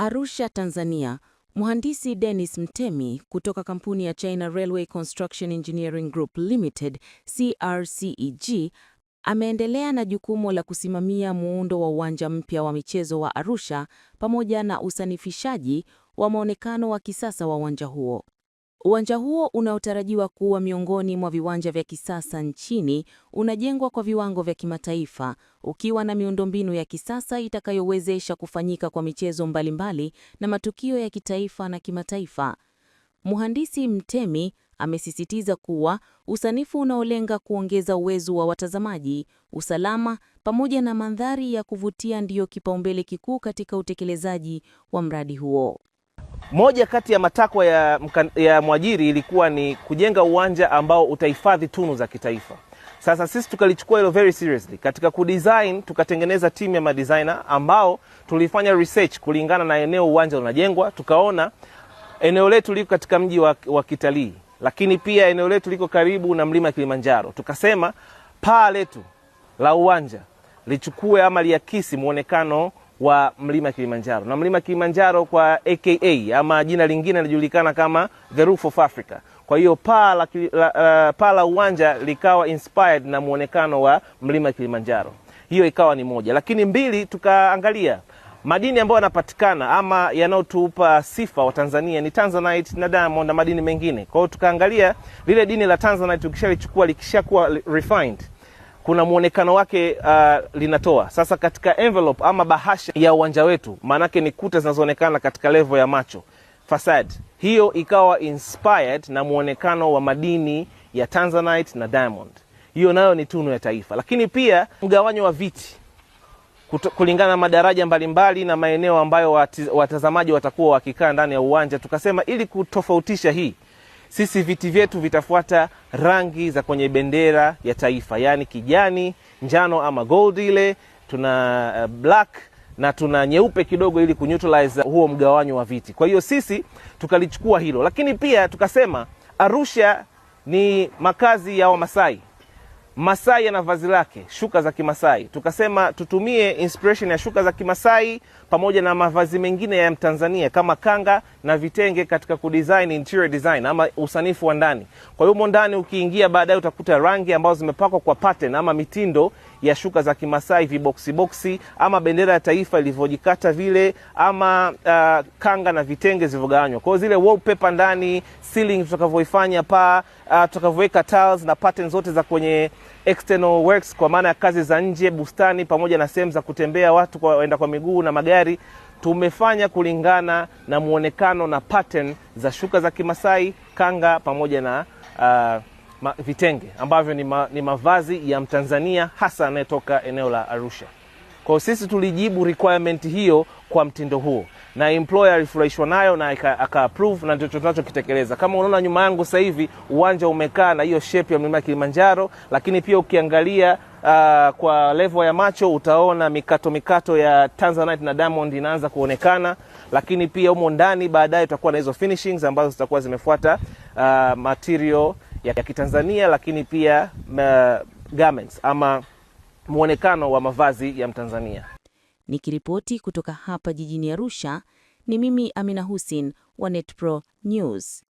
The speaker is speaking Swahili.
Arusha, Tanzania, mhandisi Dennis Mtemi kutoka kampuni ya China Railway Construction Engineering Group Limited CRCEG ameendelea na jukumu la kusimamia muundo wa uwanja mpya wa michezo wa Arusha pamoja na usanifishaji wa maonekano wa kisasa wa uwanja huo. Uwanja huo unaotarajiwa kuwa miongoni mwa viwanja vya kisasa nchini unajengwa kwa viwango vya kimataifa ukiwa na miundombinu ya kisasa itakayowezesha kufanyika kwa michezo mbalimbali na matukio ya kitaifa na kimataifa. Mhandisi Mtemi amesisitiza kuwa usanifu unaolenga kuongeza uwezo wa watazamaji, usalama pamoja na mandhari ya kuvutia ndiyo kipaumbele kikuu katika utekelezaji wa mradi huo. Moja kati ya matakwa ya, ya mwajiri ilikuwa ni kujenga uwanja ambao utahifadhi tunu za kitaifa. Sasa sisi tukalichukua hilo very seriously katika kudesign, tukatengeneza timu ya madesigner ambao tulifanya research kulingana na eneo uwanja unajengwa, tukaona eneo letu liko katika mji wa, wa kitalii, lakini pia eneo letu liko karibu na mlima Kilimanjaro. Tukasema paa letu la uwanja lichukue ama liakisi mwonekano wa mlima Kilimanjaro, na mlima Kilimanjaro kwa aka ama jina lingine linajulikana kama the roof of Africa. Kwa hiyo paa la, la, uh, paa la uwanja likawa inspired na muonekano wa mlima Kilimanjaro. Hiyo ikawa ni moja, lakini mbili, tukaangalia madini ambayo yanapatikana ama yanayotupa sifa wa Tanzania ni Tanzanite na diamond na madini mengine. Kwa hiyo tukaangalia lile dini la Tanzanite, ukishalichukua likishakuwa refined kuna mwonekano wake uh, linatoa sasa katika envelope ama bahasha ya uwanja wetu, maanake ni kuta zinazoonekana katika levo ya macho fasad hiyo ikawa inspired na mwonekano wa madini ya Tanzanite na diamond. Hiyo nayo ni tunu ya taifa, lakini pia mgawanyo wa viti kulingana na madaraja mbalimbali na maeneo ambayo watazamaji watakuwa wakikaa ndani ya uwanja. Tukasema ili kutofautisha hii sisi viti vyetu vitafuata rangi za kwenye bendera ya taifa, yaani kijani, njano ama gold ile, tuna eh, black na tuna nyeupe kidogo, ili kunutilize huo mgawanyo wa viti. Kwa hiyo sisi tukalichukua hilo, lakini pia tukasema Arusha ni makazi ya Wamasai. Masai ana vazi lake, shuka za Kimasai. Tukasema tutumie inspiration ya shuka za Kimasai pamoja na mavazi mengine ya Mtanzania kama kanga na vitenge katika kudesign interior design ama usanifu wa ndani. Kwa hiyo ndani ukiingia baadaye utakuta rangi ambazo zimepakwa kwa pattern ama mitindo ya shuka za Kimasai, viboksi boksi ama bendera ya taifa ilivyojikata vile ama uh, kanga na vitenge zilivyogawanywa. Kwa zile wallpaper ndani, ceiling tutakavyoifanya paa, uh, tutakavyoweka tiles na pattern zote za kwenye external works kwa maana ya kazi za nje, bustani pamoja na sehemu za kutembea watu kwa waenda kwa miguu na magari tayari tumefanya kulingana na muonekano na pattern za shuka za Kimasai, kanga pamoja na uh, ma, vitenge ambavyo ni, ma, ni mavazi ya Mtanzania hasa anayetoka eneo la Arusha. Kwa sisi tulijibu requirement hiyo kwa mtindo huo, na employer alifurahishwa nayo na aka approve, na ndicho tunachokitekeleza. Kama unaona nyuma yangu sasa hivi uwanja umekaa na hiyo shape ya mlima Kilimanjaro, lakini pia ukiangalia Uh, kwa level ya macho utaona mikato mikato ya Tanzanite na Diamond inaanza kuonekana, lakini pia humo ndani baadaye tutakuwa na hizo finishings ambazo zitakuwa zimefuata uh, material ya Kitanzania, lakini pia uh, garments ama muonekano wa mavazi ya Mtanzania. Nikiripoti kutoka hapa jijini Arusha, ni mimi Amina Hussein wa Netpro News.